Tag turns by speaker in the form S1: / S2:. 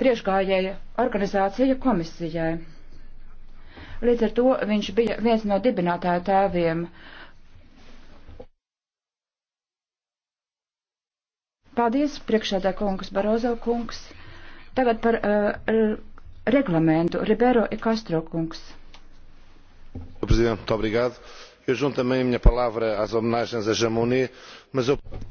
S1: priekšgājēja organizācija komisijai. Līdz ar to viņš bija viens no dibinātāju tēviem. Paldies, priekšsēdē kungs, Barozo kungs. Tagad par uh, reglamentu Ribero e Castro kungs.
S2: Presidente, muito obrigado. Eu junto também a minha palavra às homenagens a Jamoni,
S3: mas eu...